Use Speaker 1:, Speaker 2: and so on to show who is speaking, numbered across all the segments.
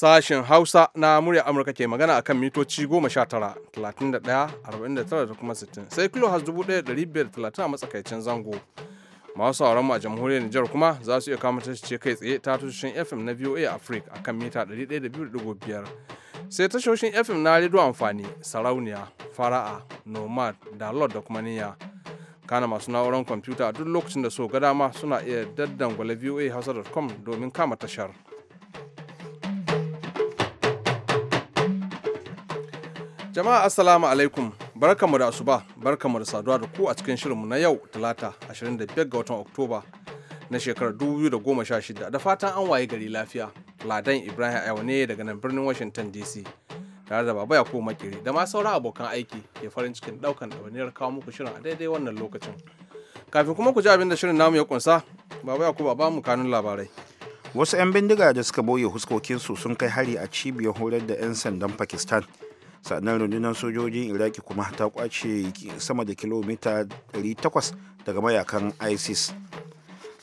Speaker 1: Sashen Hausa na murya Amurka ke magana akan mitoci 19, 31, 49 Sai kilo has 1,530 a matsakaicin zango. masu sauran mu a jamhuriyar Nijar kuma za su iya kama ce kai tsaye ta tashoshin FM na VOA Africa akan mita 102.5 sai tashoshin FM na rido amfani sarauniya fara'a nomad da lord da kuma niya kana masu na'urar kwamfuta duk lokacin da so ga dama suna iya daddangwale voa hausa.com domin kama tashar. Jama'a Assalamu alaikum, barkamu da asuba, barkamu da saduwa da ku a cikin shirinmu na yau Talata 25 ga watan Oktoba na shekarar 2016 da fatan an waye gari lafiya. Ladan Ibrahim Ayo ne daga nan birnin Washington DC. Tare da Baba Yakubu Makiri da ma sauran abokan aiki ke farin cikin daukan ɗawainiyar kawo muku shirin a daidai wannan lokacin. Kafin kuma ku ji abin da shirin namu ya kunsa, Baba Yakubu ba mu kanun labarai.
Speaker 2: Wasu 'yan bindiga da suka boye huskokinsu sun kai hari a cibiyar horar da 'yan sandan Pakistan. sannan rundunar sojojin iraki kuma ta kwace sama da kilomita 800 daga mayakan isis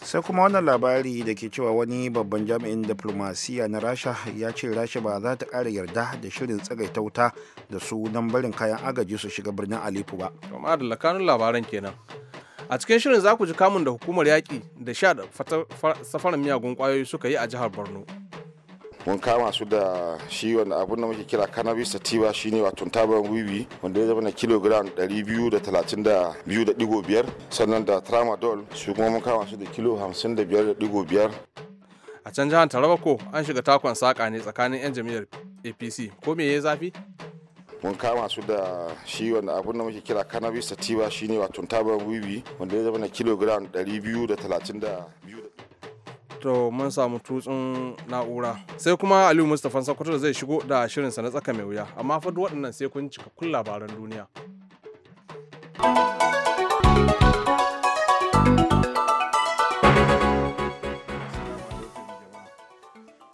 Speaker 2: sai kuma wannan labari da ke cewa wani babban jami'in diplomasiya na rasha ya ce rasha ba za ta ƙara yarda da shirin tsagaita wuta da sunan barin kayan agaji su shiga birnin alifu ba
Speaker 1: kuma da labaran kenan a cikin shirin za ku ji kamun da hukumar yaƙi da sha da safarar miyagun ƙwayoyi suka yi a jihar borno
Speaker 3: mun kama su da shi wanda abun da muke kira cannabis sativa shine wato tabar wiwi wanda ya zama na kilogram 232.5 sannan da tramadol su kuma mun kama su da kilo 55.5
Speaker 1: a can jihar taraba ko an shiga takon saƙa ne tsakanin 'yan jam'iyyar apc ko me ya zafi
Speaker 3: mun kama su da shi wanda abun da muke kira cannabis sativa shine wato tabar wiwi wanda ya zama na kilogram 232
Speaker 1: to mun samu tutsun na'ura sai kuma aliyu mustapha sakwato da zai shigo da shirinsa na tsaka mai wuya amma fa duk waɗannan sai kun cika kun labaran duniya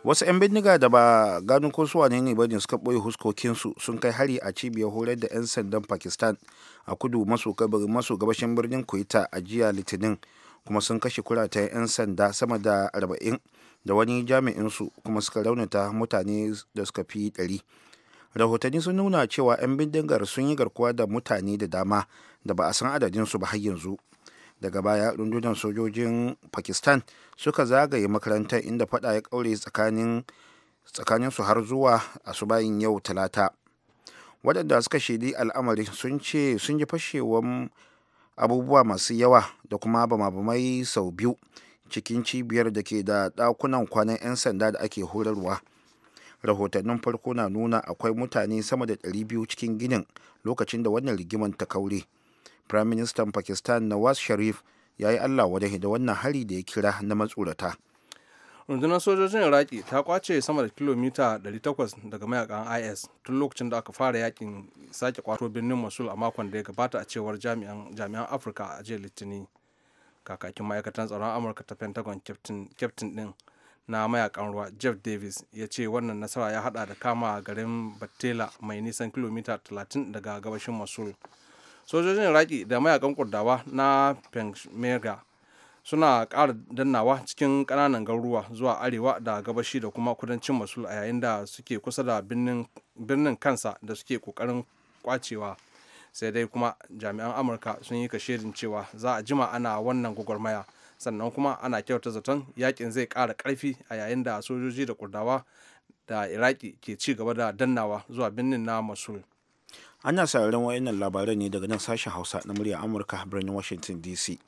Speaker 2: wasu 'yan bindiga da ba gano ko su wane ne ne suka ɓoye huskokinsu sun kai hari a cibiyar horar da 'yan sandan pakistan a kudu maso gabashin birnin kuita a jiya litinin kuma sun kashe kuratayen 'yan sanda sama da 40 da wani jami'insu kuma suka raunata mutane da suka fi 100 rahotanni sun nuna cewa 'yan bindigar sun yi garkuwa da mutane da dama da ba a san adadinsu ba har yanzu daga baya rundunar sojojin pakistan suka zagaye makarantar inda fada ya kaure tsakanin tsakaninsu har zuwa asubayin yau talata waɗanda suka shaidi al'amari sun ce sun ji fashewar abubuwa masu yawa da kuma bamabamai sau biyu cikin cibiyar da ke da dakunan kwanan 'yan sanda da ake horarwa rahotannin farko na nuna akwai mutane sama da 200 cikin ginin lokacin da wannan rigiman ta kaure prime minister pakistan nawaz sharif ya yi allah wadahi da wannan hari da ya kira na matsorata
Speaker 1: rundunar sojojin iraki ta kwace sama da kilomita 800 daga mayakan is tun lokacin da aka fara yakin sake kwato birnin mosul a makon da ya gabata a cewar jami'an afirka a jiya litinin kakakin ma'aikatan tsaron amurka ta pentagon captain din na mayakan ruwa jeff davis ya ce wannan nasara ya hada da kama garin batela mai nisan kilomita 30 daga gabashin mosul sojojin iraki da mayakan kurdawa na peshmerga suna kara dannawa cikin ƙananan garuruwa zuwa arewa da gabashi da kuma kudancin masul a yayin da suke kusa da birnin kansa da suke kokarin kwacewa sai dai kuma jami'an amurka sun yi kashirin cewa za a jima ana wannan gwagwarmaya sannan kuma ana kyauta zaton yakin zai kara ƙarfi a yayin da sojoji da kurdawa da iraki ke ci gaba da dannawa zuwa birnin na masul
Speaker 2: ana sauraron wayannan labarai ne daga nan sashen hausa na murya amurka birnin washington dc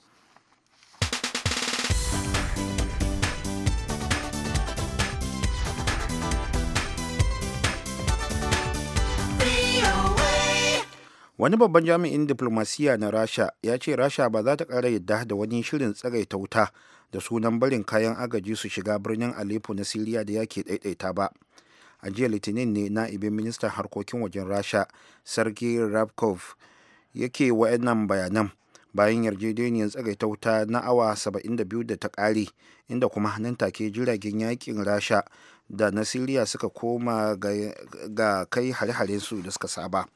Speaker 2: wani babban jami'in diplomasiya na rasha ya ce rasha ba za ta ƙara yadda da wani shirin tsagaita wuta da sunan barin kayan agaji su shiga birnin aleppo na siriya da yake ɗaiɗaita ba a jiya litinin ne na'ibin ministan harkokin wajen rasha sarki rabkov yake wa'annan bayanan bayan yarjejeniyar tsagaita wuta na awa 72 da ta ƙare inda kuma nan take jiragen yakin rasha da na siriya suka koma ga kai hare su da suka saba.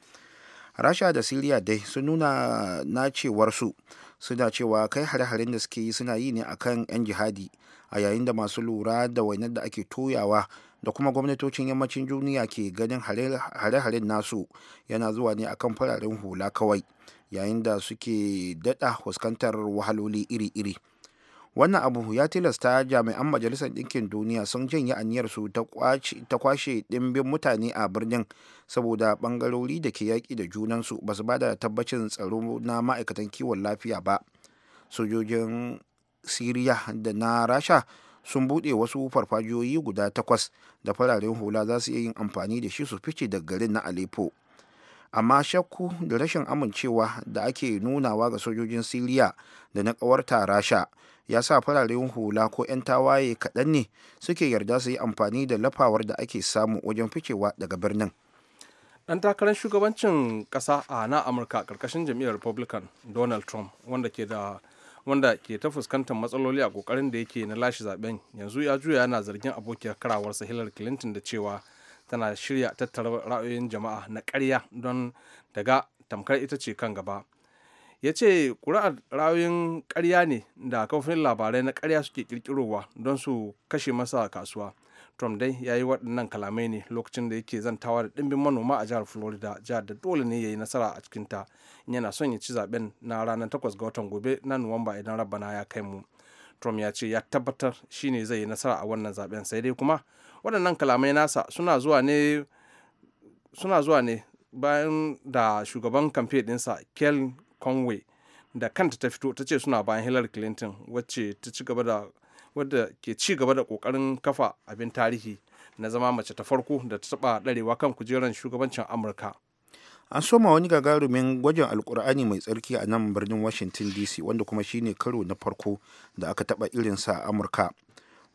Speaker 2: rasha da siriya dai sun nuna na cewarsu suna cewa kai hare-haren da suke yi suna yi ne akan 'yan jihadi a yayin da masu lura da wainar da ake toyawa da kuma gwamnatocin yammacin duniya ke ganin hare-haren nasu yana zuwa ne akan fararen hula kawai yayin da suke daɗa fuskantar wahaloli iri-iri wannan abu ya tilasta jami'an majalisar ɗinkin duniya sun janye su ta kwashe ɗimbin mutane a birnin saboda bangarori da ke yaƙi da junansu ba su ba da tabbacin tsaro na ma'aikatan kiwon lafiya ba sojojin siriya da na rasha sun buɗe wasu farfajiyoyi guda takwas da fararen hula za su iya yin amfani da shi su fice daga garin na aleppo amma shakku da rashin amincewa da ake nunawa ga sojojin siriya da na kawarta rasha ya sa fararen hula ko 'yan tawaye kaɗan ne suke yarda su yi amfani da lafawar da ake samu wajen ficewa daga birnin
Speaker 1: dan takarar shugabancin ƙasa a na amurka ƙarƙashin jam'iyyar republican donald trump wanda ke da wanda ke ta fuskantar matsaloli a kokarin da yake na lashe zaben yanzu ya juya yana zargin abokiyar karawarsa hillary clinton da cewa tana shirya tattara ra'ayoyin jama'a na karya don daga tamkar ita ce kan gaba ya ce ƙuri'ar ra'ayoyin karya ne da kamfanin labarai na karya suke ƙirƙirowa don su kashe masa kasuwa trump dai ya yi waɗannan kalamai ne lokacin da yake zantawa da ɗimbin manoma a jihar florida jihar da dole ne ya yi nasara a cikinta yana son ya ci zaɓen na ranar 8 ga watan gobe na nuwamba idan rabana ya kai mu trump ya ce ya tabbatar shi ne zai yi nasara a wannan zaben sai dai kuma waɗannan kalamai nasa suna zuwa ne suna bayan da shugaban kamfe ɗinsa kel conway da kanta ta fito ta ce suna bayan hillary clinton wacce wadda ke ci gaba da kokarin kafa abin tarihi na zama mace ta farko da ta taɓa ɗarewa kan kujerar shugabancin amurka
Speaker 2: an soma wani gagarumin gwajin alkur'ani mai tsarki a nan birnin washington dc wanda kuma shine karo na farko da aka taba irinsa a amurka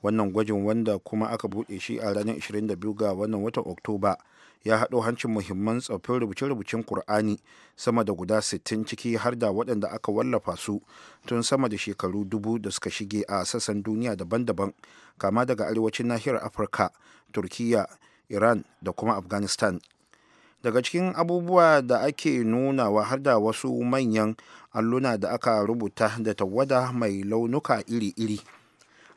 Speaker 2: wannan gwajin wanda kuma aka buɗe shi a ranar 22 ga wannan watan oktoba ya haɗo hancin muhimman tsoffin rubuce-rubucen ƙur'ani sama da guda 60 ciki har da waɗanda aka wallafa su tun sama da shekaru dubu da suka shige a sassan duniya daban-daban kama daga arewacin nahiyar afirka turkiya iran da kuma afghanistan daga cikin abubuwa da ake nunawa har da wasu manyan alluna da aka rubuta da tawada mai launuka iri-iri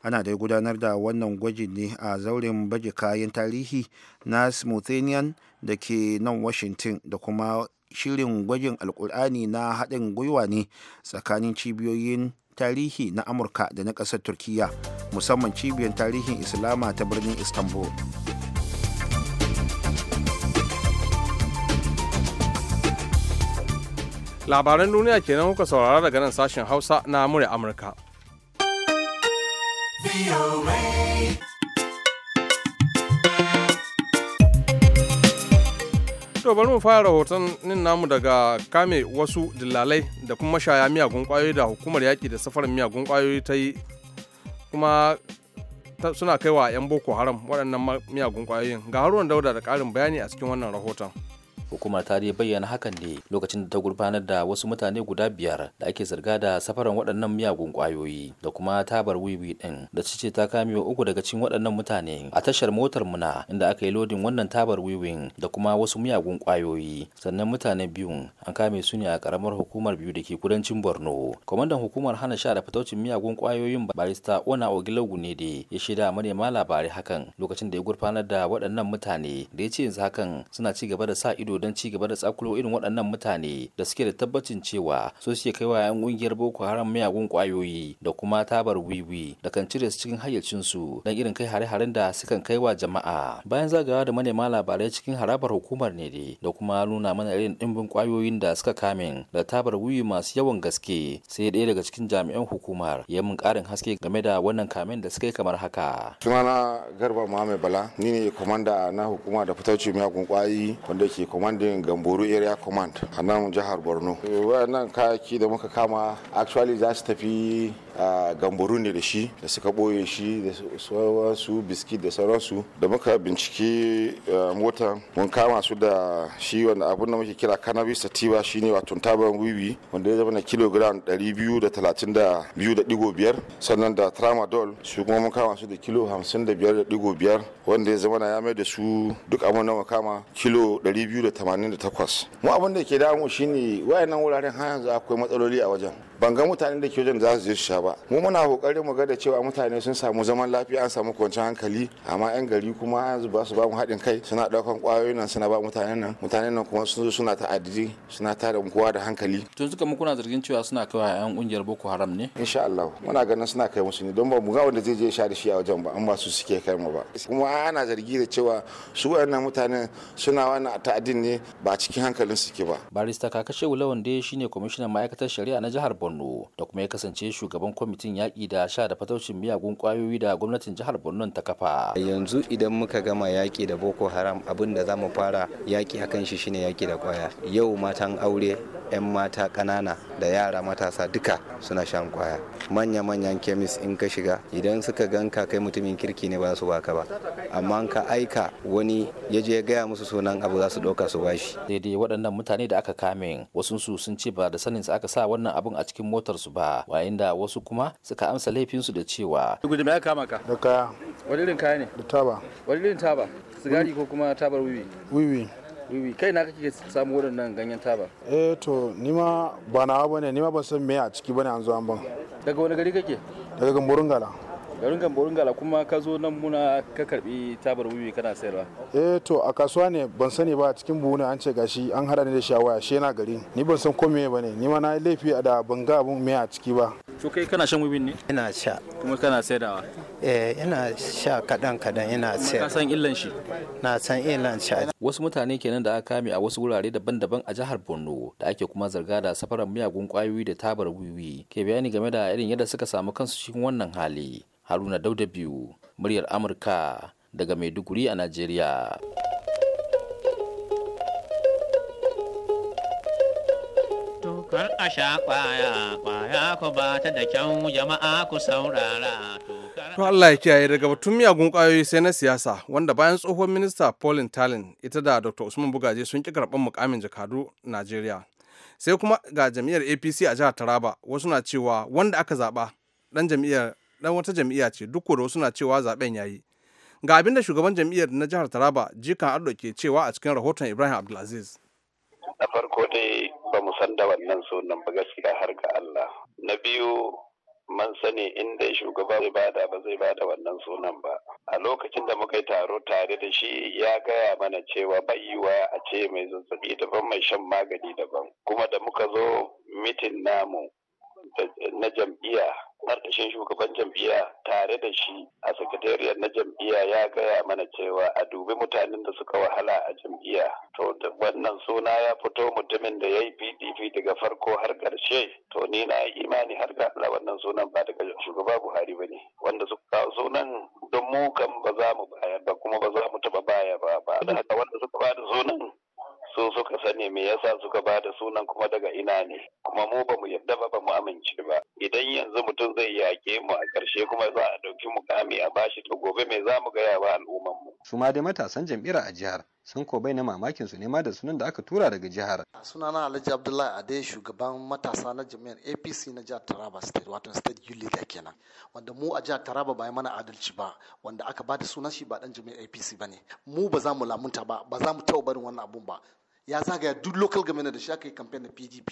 Speaker 2: ana dai gudanar da wannan gwaji ne a zauren baje kayan tarihi na smithsonian da ke nan washington da kuma shirin gwajin alkur'ani na haɗin gwiwa ne tsakanin cibiyoyin tarihi na amurka da na ƙasar turkiya musamman cibiyar tarihin
Speaker 1: islama ta birnin istanbul labaran duniya kenan kuka saurara daga nan sashen hausa na murya amurka to bari mu fara nin namu daga kame wasu dillalai da kuma mashaya miyagun kwayoyi da hukumar yaƙi da safar miyagun kwayoyi ta yi kuma suna kaiwa 'yan boko haram waɗannan miyagun kwayoyin ga haruwan dauda da ƙarin bayani a cikin wannan rahoton
Speaker 4: Hukumar ta dai bayyana hakan ne lokacin da ta gurfanar da wasu mutane guda biyar da ake zarga da safaran waɗannan miyagun ƙwayoyi da kuma tabar wiwi ɗin da ta ce ta kamewa uku daga cikin waɗannan mutane a tashar motar muna inda aka yi lodin wannan tabar wiwin da kuma wasu miyagun ƙwayoyi sannan mutane biyu an kame su ne a ƙaramar hukumar biyu da ke kudancin Borno. Kwamandan hukumar hana sha da fitaucin miyagun ƙwayoyin barista Ona Ogilogu ne da ya shaida manema labarai hakan lokacin da ya gurfanar da waɗannan mutane da ya ce yanzu hakan suna ci gaba da sa ido don ci gaba da tsakulo irin waɗannan mutane da suke da tabbacin cewa su suke wa 'yan ƙungiyar boko haram miyagun ƙwayoyi da kuma tabar wiwi da kan cire su cikin hayyacinsu don irin kai hare-haren da sukan kai wa jama'a bayan zagawa da manema labarai cikin harabar hukumar ne dai da kuma nuna mana irin ɗimbin ƙwayoyin da suka kame da tabar wiwi masu yawan gaske sai ɗaya daga cikin jami'an hukumar ya mun ƙarin haske game da wannan kamen da suka yi kamar haka.
Speaker 3: sunana garba muhammed bala ni ne komanda na hukuma da fitauci miyagun ƙwayoyi wanda ke komanda commanding Gamboru Area Command a nan jihar Borno. Eh, Wayannan kayaki da muka kama actually za su tafi a Gamboru ne da shi da suka boye shi da sauransu biskit da sauransu da muka binciki eh, motar mun kama su da shi wanda abin da muke kira cannabis sativa ne wato taban wiwi wanda ya zama na kilogram 232.5 sannan da tramadol su kuma mun kama su da kilo 55.5 wanda ya zama na ya mai da su duk abin da muka kama kilo 200 88 mu abin da ke damu shine wayannan wuraren har yanzu akwai matsaloli a wajen ban ga mutanen da ke wajen za su je su sha ba mu muna kokarin mu ga da cewa mutane sun samu zaman lafiya an samu kwanciyar hankali amma yan gari kuma yanzu ba su ba mu haɗin kai suna ɗaukan ƙwayoyin nan suna ba mutanen nan mutanen nan kuma sun zo suna ta'addidi suna da kowa da hankali
Speaker 4: Tun suka mu kuna zargin cewa suna kai wa yan kungiyar
Speaker 3: boko haram ne insha Allah muna ganin suna kai musu ne don ba mu ga wanda zai je sha da shi a wajen ba an ba su suke kai mu ba kuma ana zargi da cewa su wayannan mutanen suna wani ta'addin ne ba cikin hankalin suke ba
Speaker 4: barista kakashe wulawan shine kwamishinan ma'aikatar shari'a na jihar borno da kuma ya kasance shugaban kwamitin yaƙi da sha da fataucin miyagun kwayoyi da gwamnatin jihar borno ta kafa yanzu idan muka gama yaƙi da boko haram abin da za mu fara yaƙi akan shi shine yaƙi da ƙwaya yau matan aure 'yan mata ƙanana da yara matasa duka suna shan kwaya manya-manyan kemis in ka shiga idan suka ganka kai mutumin kirki ne ba su baka ba amma ka aika wani ya je gaya musu sunan abu za su ɗauka su bashi daidai waɗannan mutane da aka kame wasu sun ce ba da sanin aka sa wannan abun a cikin cikin su ba wayin da wasu kuma suka amsa laifinsu da cewa gudu mai kama ka. da kaya wani irin kaya ne da taba wani irin taba sigari ko kuma tabar wiwi wiwi wiwi kai na kake samu waɗannan ganyen taba
Speaker 2: eh to nima ba nawa bane nima ban san me a ciki bane an zo an ban
Speaker 4: daga wani gari kake daga gamborungala garin gamborin kuma ka zo nan muna ka karbi tabar wiwi kana sayarwa
Speaker 2: eh to a kasuwa ne ban sani ba cikin buhu ne an ce gashi an hada ni da shawaya she na gari ni ban san komai ba ne ni ma na yi a da ban ga abun me a
Speaker 4: ciki ba to kai kana shan wiwi ne ina sha kuma kana sayarwa eh ina sha kadan kadan ina sayar ka san illan shi na san illan shi wasu mutane kenan da aka kame a wasu wurare daban-daban a jihar Borno da ake kuma zarga da safaran miyagun kwayoyi da tabar wiwi ke bayani game da irin yadda suka samu kansu cikin wannan hali haruna dauda biyu muryar amurka daga maiduguri a najeriya Tukar a sha kwaya kwaya ba ta da kyau jama'a ku saurara
Speaker 1: to Allah ya kiyaye daga batun miyagun kwayoyi sai na siyasa wanda bayan tsohon minista Pauline Talin ita da Dr. Usman Bugaje sun ki karɓar mukamin jakadu Najeriya sai kuma ga jam'iyyar APC a jihar Taraba wasu na cewa wanda aka zaɓa ɗan jam'iyyar dan wata jam'iyya ce duk da suna cewa zaben yayi ga abin da shugaban jam'iyyar na jihar taraba jikan Addo ke cewa a cikin rahoton ibrahim abdulaziz
Speaker 5: na farko dai ba mu san da wannan sunan ba gaskiya har ga allah na biyu man sani inda shugaba zai bada ba zai bada wannan sunan ba a lokacin da muka yi taro tare da shi ya gaya mana cewa bai yiwa a ce mai zazzabi daban mai shan magani daban kuma da muka zo mitin namu na jam'iyya ƙarƙashin shugaban jam'iyya tare da shi a sakatariyar na jam'iyya ya gaya mana cewa a dubi mutanen da suka wahala a jam'iyya to wannan suna ya fito mutumin da ya yi pdp daga farko har ƙarshe to ni na imani har ga wannan sunan ba daga shugaba buhari ba ne wanda suka kawo sunan don mu kan ba za mu bayar ba kuma ba za mu taɓa baya ba ba da haka wanda suka ba da sunan su suka sani me yasa suka ba da sunan kuma daga ina ne kuma mu ba mu yadda ba ba mu amince ba idan yanzu mutum zai yaƙe mu a ƙarshe kuma za a ɗauki mukami a bashi to gobe me za
Speaker 6: mu gaya wa al'umman
Speaker 4: mu su ma dai matasan jam'ira a jihar sun ko bai na mamakin su nema da sunan da aka tura daga jihar
Speaker 6: sunana Alhaji Abdullahi Ade shugaban matasa na jami'ar APC na jihar Taraba State wato State Youth Leader kenan wanda mu a jihar Taraba ba mana adalci ba wanda aka ba da sunan shi ba dan jami'ar APC bane mu ba za mu lamunta ba ba za mu taɓa barin wannan abun ba ya zagaya duk local government da shi aka yi campaign na pdp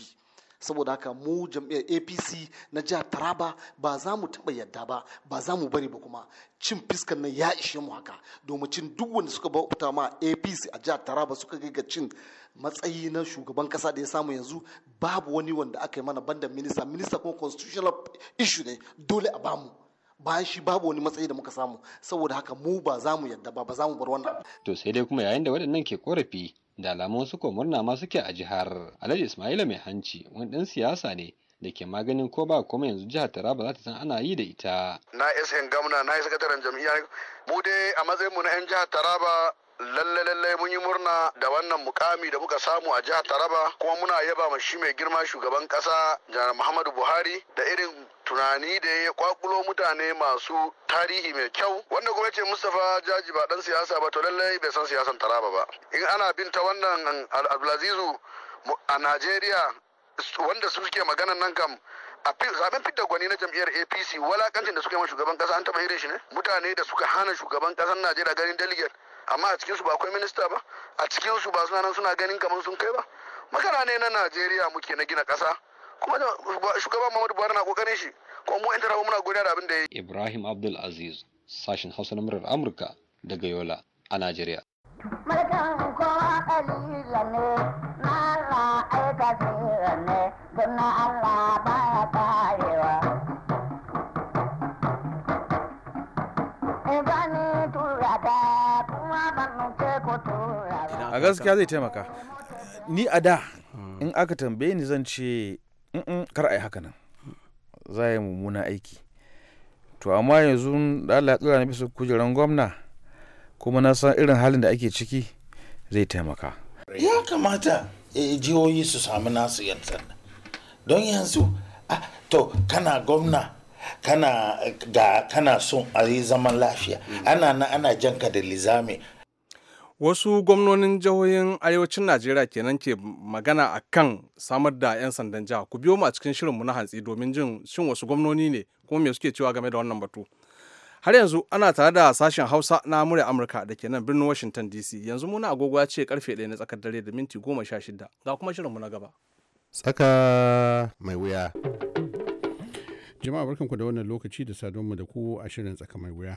Speaker 6: saboda haka mu jam'iyyar apc na jihar taraba ba za mu taɓa yadda ba ba za mu bari ba kuma cin fiskan nan ya ishe mu haka domin cin duk wanda suka bauta ma apc a jihar taraba suka ga cin matsayi na shugaban kasa da ya samu yanzu babu wani wanda aka yi mana banda minista minista kuma constitutional issue ne dole a bamu bayan shi babu wani matsayi da muka samu saboda haka mu ba za mu yadda ba ba za mu bar wannan
Speaker 4: to sai dai kuma yayin da waɗannan ke korafi da alamun su ko murna ma suke a jihar alhaji ismaila mai hanci wani ɗan siyasa ne da ke maganin ko ba kuma yanzu jihar taraba za ta san ana yi da ita
Speaker 7: na isin gamna na yi sakataren jam'iyya mu dai a matsayin mu na 'yan jihar taraba lalle lalle mun yi murna da wannan mukami da muka samu a jihar Taraba kuma muna yaba ma shi mai girma shugaban kasa jihar Muhammadu Buhari da irin tunani da ya kwakulo mutane masu tarihi mai kyau wanda kuma ce Mustapha Jaji ba dan siyasa ba to lalle bai san siyasan Taraba ba in ana bin ta wannan Abdulazizu a Najeriya wanda su suke maganan nan kam a zaben fita gwani na jam'iyyar apc walakancin da suka yi ma shugaban kasa an taba irin shi ne mutane da suka hana shugaban kasar najeriya ganin delegate amma a cikinsu ba akwai minista ba a cikinsu ba suna nan suna ganin kamar sun kai ba magana ne na najeriya muke na gina kasa kuma shugaban muhammadu buhari na
Speaker 4: kokarin shi kuma mu 'yan muna godiya da abin da ya ibrahim abdul aziz sashen hausa na murar amurka daga yola a najeriya
Speaker 6: mulkin na allah baya
Speaker 1: a gaskiya zai taimaka
Speaker 4: ni a da hmm. in aka tambaye ni zan ce kar a yi haka nan za yi mummuna aiki to amma yanzu da Allah ya na bisa kujeran gwamna kuma na san irin halin da ake ciki zai taimaka
Speaker 6: ya kamata
Speaker 2: eh, jihohi su sami nasu yantar don yanzu ah, to kana gwamna kana eh, ga kana son a yi zaman lafiya hmm. ana na
Speaker 4: ana janka da lizami
Speaker 1: wasu gwamnonin jihohin arewacin najeriya kenan ke magana a kan samar da 'yan sandan jiha ku biyo mu a cikin shirinmu na hantsi domin jin shin wasu gwamnoni ne kuma me suke cewa game da wannan batu har yanzu ana tare da sashen hausa na murya amurka da kenan nan birnin washington dc yanzu muna agogo ya ce karfe 1 na tsakar dare da minti 16 ga kuma shirinmu na gaba
Speaker 8: tsaka mai wuya jama'a barkanku da wannan lokaci da mu da ku a shirin tsaka mai wuya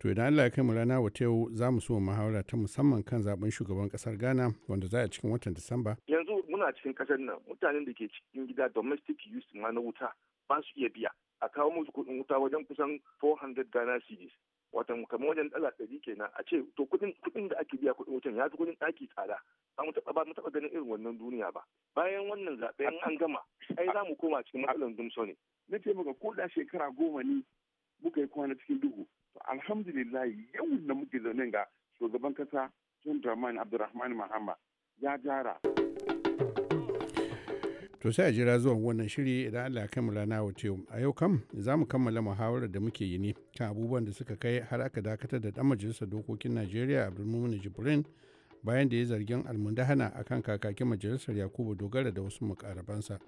Speaker 8: To idan Allah ya kai mu rana wata yau za mu so muhawara ta musamman kan zaben shugaban kasar Ghana wanda za a cikin watan Disamba.
Speaker 7: Yanzu muna cikin kasar nan mutanen da ke cikin gida domestic use ma na wuta ba su iya biya. A kawo musu kuɗin wuta wajen kusan 400 Ghana cedis. Watan kamar wajen dala ɗari kenan a ce to kuɗin kuɗin da ake biya kuɗin wutan ya fi kuɗin ɗaki tsada. Ba mu taɓa ba mu taɓa ganin irin wannan duniya ba.
Speaker 6: Bayan wannan zaɓe an gama
Speaker 7: ai za mu koma cikin matsalar dumso ne. Na ce maka ko da shekara goma ne muka yi kwana cikin duhu alhamdulillah yau da muke zaune ga shugaban kasa john dramani abdulrahman mahama ya gyara.
Speaker 8: to sai a jira zuwan wannan shiri idan allah rana rana wace a yau kam za mu kammala muhawarar da muke yi ne kan abubuwan da suka kai har aka dakatar da dan majalisar dokokin najeriya abdulmumin jibrin bayan da ya zargin almundahana akan kakakin majalisar yakubu dogara da wasu mukarabansa.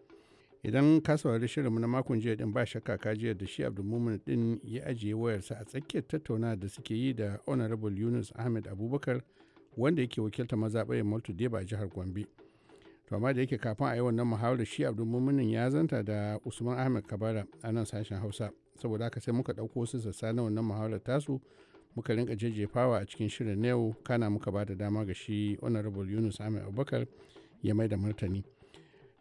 Speaker 8: idan ka saurari shirinmu na makon jiya din ba shakka ka jiya da shi abdulmumin din ya ajiye wayarsa a tsakiyar tattauna da suke yi da honorable yunus ahmed abubakar wanda yake wakilta mazaɓayin maltu deba a jihar gombe to amma da yake kafin a yi wannan muhawarar shi abdulmuminin ya zanta da usman ahmed kabara a nan sashen hausa saboda haka sai muka ɗauko wasu sassa na wannan muhawarar tasu muka rinka jejjefawa a cikin shirin na yau kana muka ba da dama ga shi honorable yunus ahmed abubakar ya mai da martani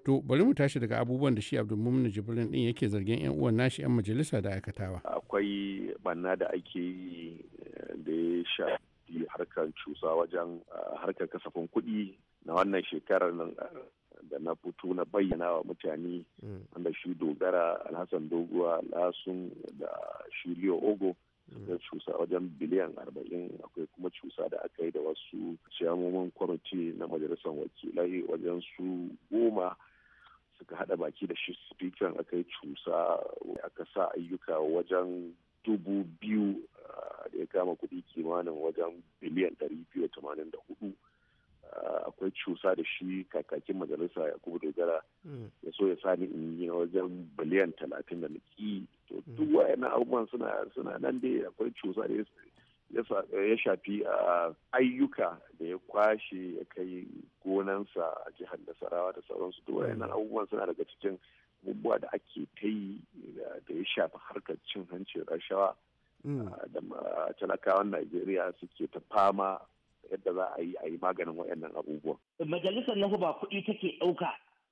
Speaker 8: To bari mu tashi daga abubuwan da shi Abdulmumin Jibrin din yake zargin 'yan uwan nashi 'yan majalisa da aikatawa.
Speaker 7: Akwai banna da ake yi eh, da ya shafi harkar cusa wajen eh, harkar kasafin kuɗi na wannan shekarar nan eh, da na fito na bayyana wa mutane mm. wanda shi dogara alhassan doguwa lasun da shi leo ogo da mm. cusa wajen biliyan arba'in akwai kuma cusa da aka yi da wasu ciyamomin kwamiti na majalisar wakilai wajen su goma suka hada baki da shi speaker aka yi cusa aka sa ayyuka wajen dubu biyu ah, da ya kama kuɗi kimanin wajen biliyan ɗari biyu da tamanin da hudu ah, akwai cusa da shi kakakin majalisa ya kuma dogara hmm. ya so ya sani in yi wajen biliyan talatin da niki to hmm. duk wa'yan abubuwan suna nan dai akwai cusa da ya shafi ah, ayyuka da ya kwashe ya kai gonansa a jihar nasarawa da sauransu da wayannan mm. abubuwan suna daga cikin abubuwa da ake ta yi da ya shafi harkar cin hanci rashawa mm. ah, da talakawan najeriya suke ta fama yadda za a yi a yi maganin wayannan abubuwan
Speaker 6: majalisar na ba kuɗi take ɗauka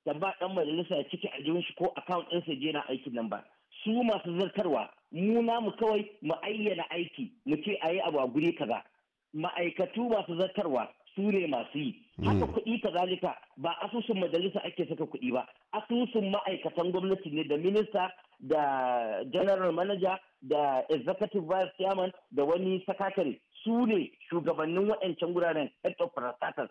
Speaker 6: da ba ɗan majalisa ya a aljihun shi ko akawun ɗinsa je na aikin nan ba su masu zartarwa mu namu kawai mu ayyana aiki mu ce a yi abu a guri kaza ma'aikatu masu zartarwa su ne masu yi hmm. haka kuɗi kazalika ba asusun majalisa ake saka kuɗi ba asusun ma'aikatan gwamnati ne da minista da general manager da executive vice chairman da wani sakatare su ne shugabannin waɗancan guraren head of parastatal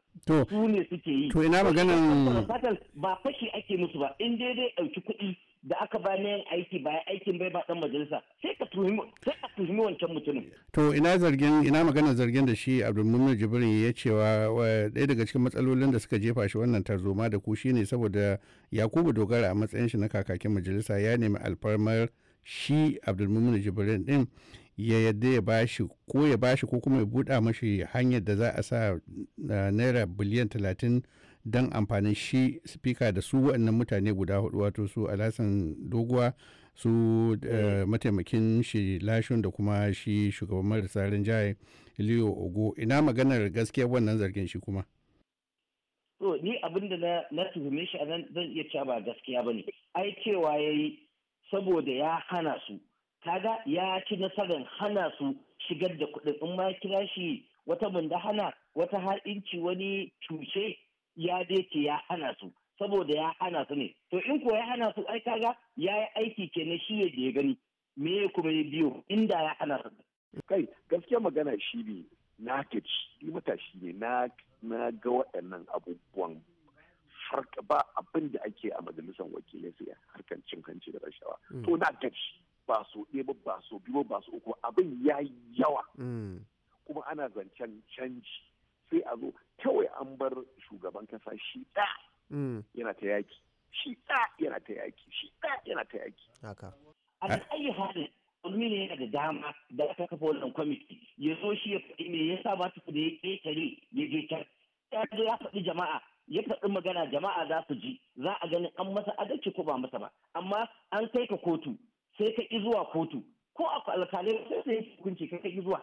Speaker 6: su ne suke yi to ina maganan ba fashi ake musu ba in dai dai ɗauki kuɗi da aka ba na yin aiki bayan aikin bai ba dan majalisa sai ka tuhumi wancan mutumin.
Speaker 8: To ina zargin ina magana zargin da shi Abdulmumin Jibrin ya cewa ɗaya daga cikin matsalolin da suka jefa shi wannan tarzoma da ku shine saboda Yakubu Dogara a matsayin shi na kakakin majalisa ya nemi alfarmar shi Abdulmumin Jibrin din ya yadda ya bashi ko ya bashi ko kuma ya buɗa mashi hanyar da za a sa eh, naira biliyan talatin don amfanin shi spika da su waɗannan mutane guda hudu wato su alhassan doguwa su eh, mm. mataimakin shi lashun da kuma shi shugaban marasa jihar leo ogo ina maganar gaskiya wannan zargin shi kuma
Speaker 6: to ni abin da na tuhume shi anan zan iya cewa ba gaskiya ba ne ai cewa ya yi saboda ya hana su kaga ya ci nasarar hana su shigar da kuɗin in ma kira shi wata mundahana wata ha'inci wani cuce ya dai ya hana su saboda ya hana su ne to in ko ya hana su ai kaga ya yi aiki na shi da ya gani me ya kuma ya biyo inda ya hana su kai gaskiya magana shi
Speaker 7: ne na gaji matashi ne na na ga waɗannan abubuwan farka ba abin da ake a majalisar wakilai sai harkar cin hanci da rashawa mm. to na gaji ba so ɗaya ba ba biyu ba so uku abin ya yawa mm. kuma ana zancen canji sai a zo kawai an bar shugaban kasa shi ɗa mm. yana ta yaki shi ɗa yana ta yaki shi ɗa yana ta yaki haka
Speaker 6: a ayi halin ne yana da dama da aka kafa wannan kwamiti ya zo shi ya faɗi me yasa ba su da ya ƙetare ya je can ya zo ya faɗi jama'a ya faɗi magana jama'a za su ji za a gani an masa adalci ko ba masa ba amma an kai ka kotu sai ka izuwa zuwa kotu ko a alkalai sai sai hukunci ka ƙi zuwa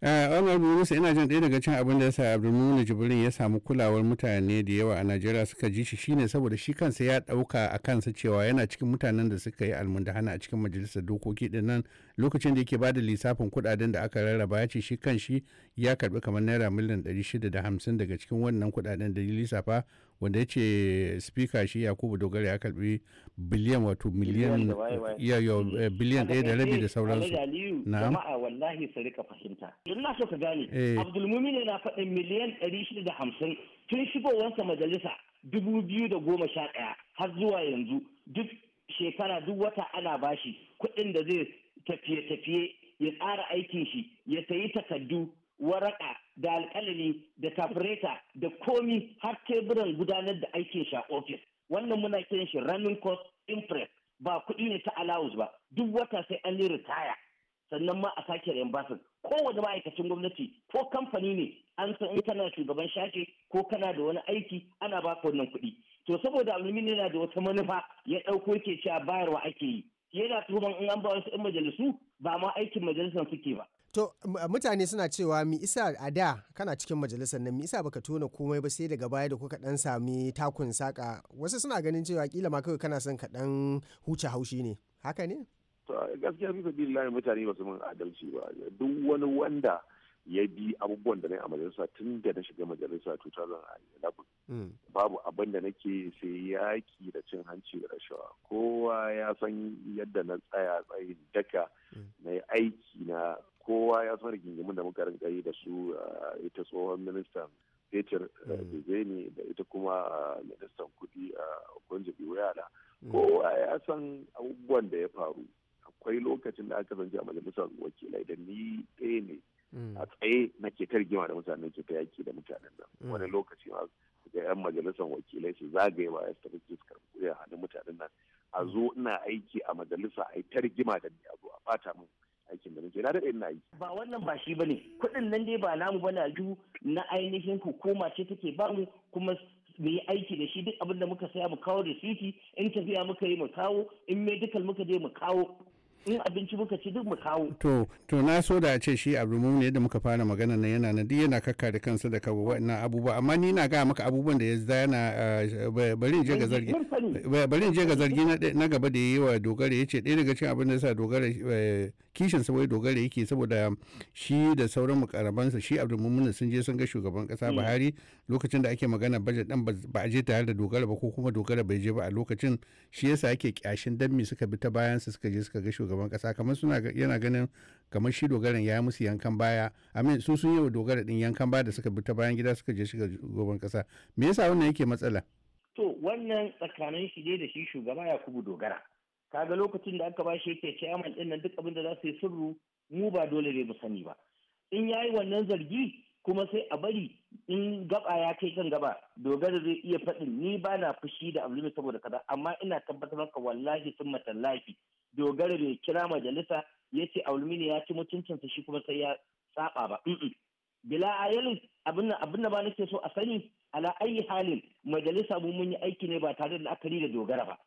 Speaker 8: Eh, honorable musa ina jin ɗaya daga cin abin da ya sa abdulmumin jibrin ya samu kulawar mutane da yawa a najeriya suka ji shi shine saboda shi kansa ya ɗauka a kansa cewa yana cikin mutanen da suka yi almundahana a cikin majalisar dokoki ɗin nan lokacin da yake ba da lissafin kuɗaɗen da aka rarraba ya ce shi kan shi ya karɓi kamar naira miliyan ɗari shida da hamsin daga cikin wannan kuɗaɗen da ya lissafa wanda ya ce speaker shi yakubu dogara ya karbi biliyan wato miliyan eh, mm. eh, biliyan ɗaya da rabi da sauransu na jama'a
Speaker 6: wallahi su rika fahimta ina so ka gane eh. abdulmumin na faɗin miliyan ɗari shida da hamsin tun shigowarsa majalisa dubu biyu da goma sha ɗaya har zuwa yanzu duk shekara duk wata ana bashi kuɗin da zai tafiye-tafiye ya tsara aikin shi ya sayi takardu waraka da alƙalami da tafureta da komi har teburan gudanar da aikin shi a ofis wannan muna kiran shi running cost impress ba kuɗi ne ta allowance ba duk wata sai an yi ritaya sannan ma a sake reimbursement kowane ma'aikacin gwamnati ko kamfani ne an san in kana shugaban shafe ko kana da wani aiki ana baka wannan kuɗi to saboda alumini yana da wata manufa ya ɗauko ke cewa bayarwa ake yi yana tuban in an ba wasu 'yan majalisu ba ma aikin majalisar suke ba.
Speaker 4: To mutane suna cewa mi isa a da kana cikin majalisar nan mi isa baka tona komai ba sai daga baya da kuka dan sami takun saka wasu suna ganin cewa kila ma kawai kana son ka dan huce haushi ne haka ne?
Speaker 7: To gaskiya fi sabilillahi mutane ba su mun adalci ba duk wani wanda ya bi abubuwan da na a majalisa tun da na shiga majalisa 2011 Mm. babu abin da nake sai yaki da cin hanci da rashawa kowa ya san yadda na tsaya tsayin daka mm. na aiki na kowa ya san rigingimin da muka rinka yi da su uh, ita tsohon ministan fetur uh, mm. bezeni da ita kuma uh, ministan kudi a kunji biwayala kowa ya san abubuwan da ya faru akwai lokacin da aka zance a majalisar wakilai da ni ɗaya ne a tsaye nake ta rigima da mutanen ke ta yaki da mutanen nan wani lokaci ma ga 'yan majalisar wakilai su zagaye ba ya tafi su karɓi kuɗi mutanen nan a zo ina aiki a majalisa a yi ta rigima da ni a zo a fata min aikin da nake na daɗe ina aiki.
Speaker 6: ba wannan ba shi bane kuɗin nan dai ba namu bana ju na ainihin hukuma ce take ba mu kuma mu yi aiki da shi duk abin da muka saya mu kawo da siti in tafiya muka yi mu kawo in medical muka je mu kawo in abinci muka ci duk mu kawo
Speaker 8: to to na so da a ce shi abu mu ne da muka fara magana na yana nan duk yana kakka da kansa da kawo wani abubuwa amma ni na gaya maka abubuwan da ya zana eh, bari je ga zargi bari je ga zargi na gaba da yi wa dogara ya ce ɗaya daga cikin abin da sa dogara eh, kishin sa wai dogara yake saboda shi da sauran mukarabansa shi mumuna sun je sun ga shugaban kasa hmm. buhari lokacin da ake magana budget din ba a je tare da dogara ba ko kuma dogara bai je ba a lokacin shi yasa ake kyashin dan me suka bi ta bayan su suka je suka ga shugaban kasa kamar suna yana ganin kamar shi dogaran ya musu yankan baya amin su sun yi wa dogara din yankan baya da suka bi ta bayan gida suka je shiga shugaban kasa me yasa wannan yake matsala
Speaker 6: to wannan tsakanin shi da shi shugaba ya kubu dogara kaga lokacin da aka bashi yake chairman din nan duk abin da za su yi sirru mu ba dole ne mu sani ba in yayi wannan zargi kuma sai a bari in gaba ya kai kan gaba dogara zai iya faɗin ni ba na fushi da abulmi saboda kaza amma ina tabbatar maka wallahi sun matallafi dogara bai kira majalisa ya ce abulmi ne ya ci mutuncinsa shi kuma sai ya saba ba bila ayalin abin abin da ba nake so a sani ala ayi halin majalisa mu mun yi aiki ne ba tare da la'akari da dogara ba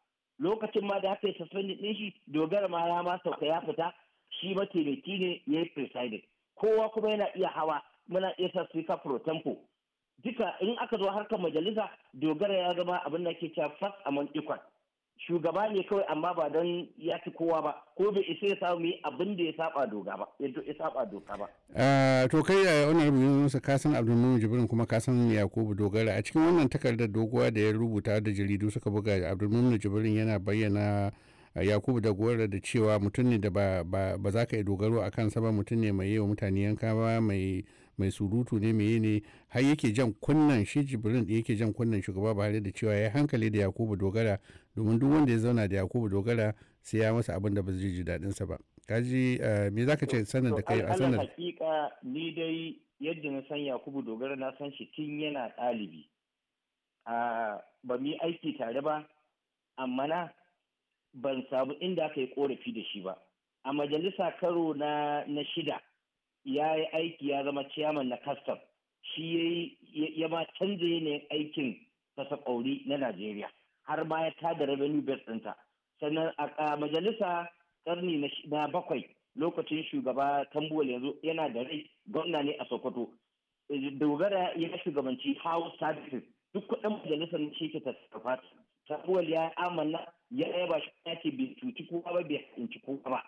Speaker 6: lokacin ma da aka yi suspended ɗin shi dogara ma ya ma sauka ya fita shi mataimaki ne ya yi presiding kowa kuma yana iya hawa muna iya sa speaker pro tempo duka in aka zo harkar majalisa dogara ya zama abin da ke cewa first among equal shugaba ne kawai amma ba don ya fi kowa ba ko bai isa ya samu yi abin da ya saba doka ba ya saba doka ba.
Speaker 8: Ah, to kai ya wani rubutu nusa ka san abdulmumin jibrin kuma kasan yakubu dogara a cikin wannan takardar doguwa da ya rubuta da jaridu suka buga abdulmumin jibrin yana bayyana eh, yakubu da gora da cewa mutum ne da ba za ka yi dogaro a kansa ba mutum ne mai yi wa mutane yanka ba mai mai surutu ne mai ne har yake jan kunnan shi jibrin da yake jan kunnan shugaba ba da cewa ya hankali da yakubu dogara domin duk wanda ya zauna da yakubu dogara sai ya masa abin da ba zai ji daɗin sa ba kaji eh, me zaka ce sanin da kai a sanin
Speaker 6: hakika ni dai yadda na san yakubu dogara na san shi tun yana ɗalibi ba mu aiki tare ba amma na ban samu inda aka yi korafi da shi ba a majalisa karo na shida ya yi aiki ya zama ciyaman na kastam shi ya ma canza yanayin aikin kasa kauri na najeriya har ma ya tada revenue base ɗinta sannan a majalisa karni na bakwai lokacin shugaba tambuwal yanzu yana da rai gwamna ne a sokoto dogara ya shugabanci house services duk kuɗin majalisar ce ke tasarrafa tambuwal ya amana ya yaba shi ya ce bai kowa ba bai kowa ba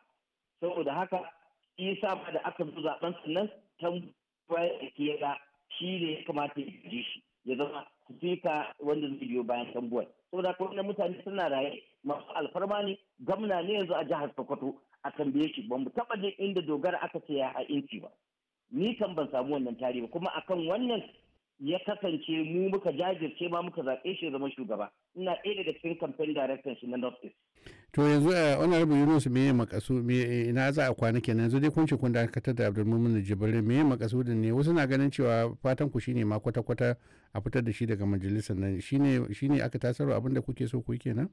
Speaker 6: saboda haka isa ba da aka zo zaben sannan tan bayan ke ga shi ne ya kamata ya ji shi ya zama sifika wanda zai biyo bayan tambuwar saboda ko wannan mutane suna raye masu alfarma ne gamna ne yanzu a jihar Sokoto a tambaye shi ban mu taba jin inda dogara aka saya a inci ba ni kan ban samu wannan tare ba kuma akan wannan ya kasance mu muka jajirce ma muka zaɓe shi zama shugaba ina ɗaya daga cikin kamfen director shi na north east
Speaker 8: to yanzu a eh, honorable yunus me makasu ina za a kwana kenan yanzu dai kun ce kun dakatar da abdulmumin jibril me da ne wasu na ganin cewa fatan ku shine ma kwata kwata a fitar da shi daga majalisar nan shine shine aka abin abinda kuke so ku yi kenan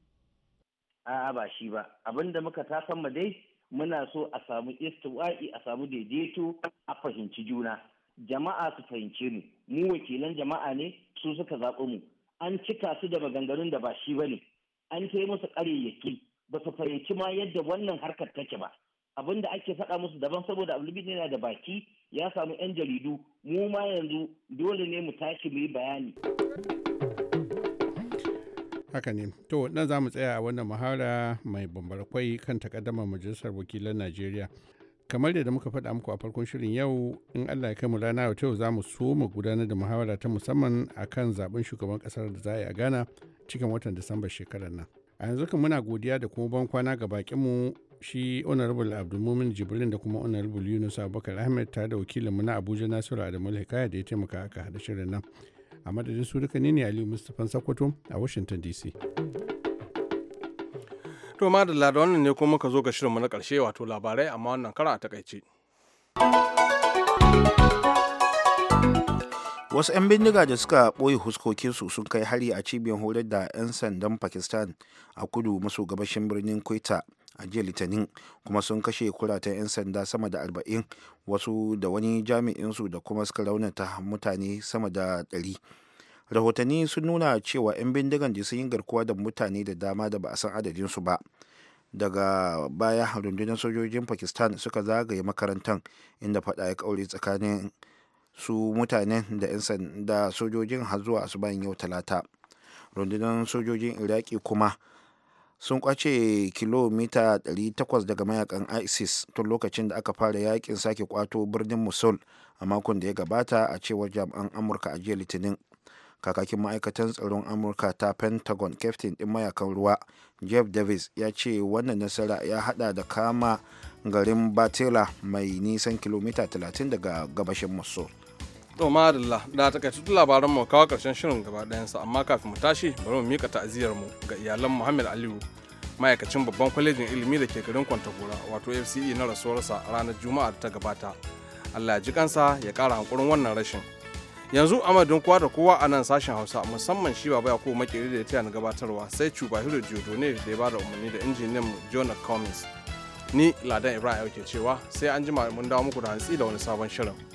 Speaker 6: a'a ba shi ba abinda muka ma dai muna so a samu istiwa'i a samu daidaito a fahimci juna jama'a su fahimce mu mu wakilan jama'a ne su suka zaɓi mu an cika su da maganganun da ba shi bane an kai musu ƙaryayyaki ba su fahimci ma yadda wannan harkar take ba abin da ake faɗa musu daban saboda abulbin yana da baki ya samu 'yan jaridu mu ma yanzu dole ne mu tashi mu yi bayani
Speaker 8: haka ne to nan za mu tsaya a wannan muhara mai bambar kwai kan takaddamar majalisar wakilan najeriya kamar yadda muka faɗa muku a farkon shirin yau in allah ya kai mu rana yau za mu so mu gudanar da muhawara ta musamman a kan zaben shugaban kasar da za a yi a ghana cikin watan disamba shekarar nan a yanzu kan muna godiya da kuma ban kwana ga mu shi honorable abdulmumin jibrin da kuma honorable yunus abubakar ahmed tare da wakilin mu na abuja nasiru adamu hikaya da ya taimaka aka hada shirin nan a madadin su duka ne ne aliyu mustapha sakwato a washington dc
Speaker 1: To ma da wannan ne kuma muka zo ga shirinmu na ƙarshe wato labarai amma wannan kara a takaice.
Speaker 2: Wasu 'yan bindiga da suka ɓoye huskokinsu sun kai hari a cibiyar horar da 'yan sandan Pakistan a kudu maso gabashin birnin Kweta a jiya Litinin kuma sun kashe kuratan 'yan sanda sama da 40 wasu da wani jami'insu da kuma suka raunata mutane sama da 100. rahotanni sun nuna cewa 'yan bindigan da sun yi garkuwa da mutane da dama da ba a san adadin su ba daga baya rundunar sojojin pakistan suka zagaye makarantar inda fada ya kaure tsakanin su mutane da 'yan sanda sojojin har zuwa bayan yau talata rundunar sojojin iraki kuma sun kwace kilomita 800 daga mayakan isis tun lokacin da aka fara yakin sake kwato birnin musul a makon da ya gabata a cewar jami'an amurka a jiya litinin kakakin ma'aikatan tsaron amurka ta pentagon captain din mayakan ruwa jeff davis ya ce wannan nasara ya hada da kama garin batela mai nisan kilomita 30 daga gabashin maso.
Speaker 1: to madalla da takaitattun labaran mu kawo karshen shirin gaba ɗayansa amma kafin mu tashi bari mu mika ta'aziyar mu ga iyalan muhammad aliyu ma'aikacin babban kwalejin ilimi da ke garin kwantagora wato fce na rasuwarsa ranar juma'a ta gabata allah ya ji kansa ya kara hankurin wannan rashin yanzu amadun kowa da kowa a nan sashen hausa musamman shi baba ko makeri da ya taya na gabatarwa sai cuba cubahiro ne da ya ba da umarni da injiniyan mu jonah cummins ni ladan ibrahim ke cewa sai an jima mun dawo muku da hantsi da wani sabon shirin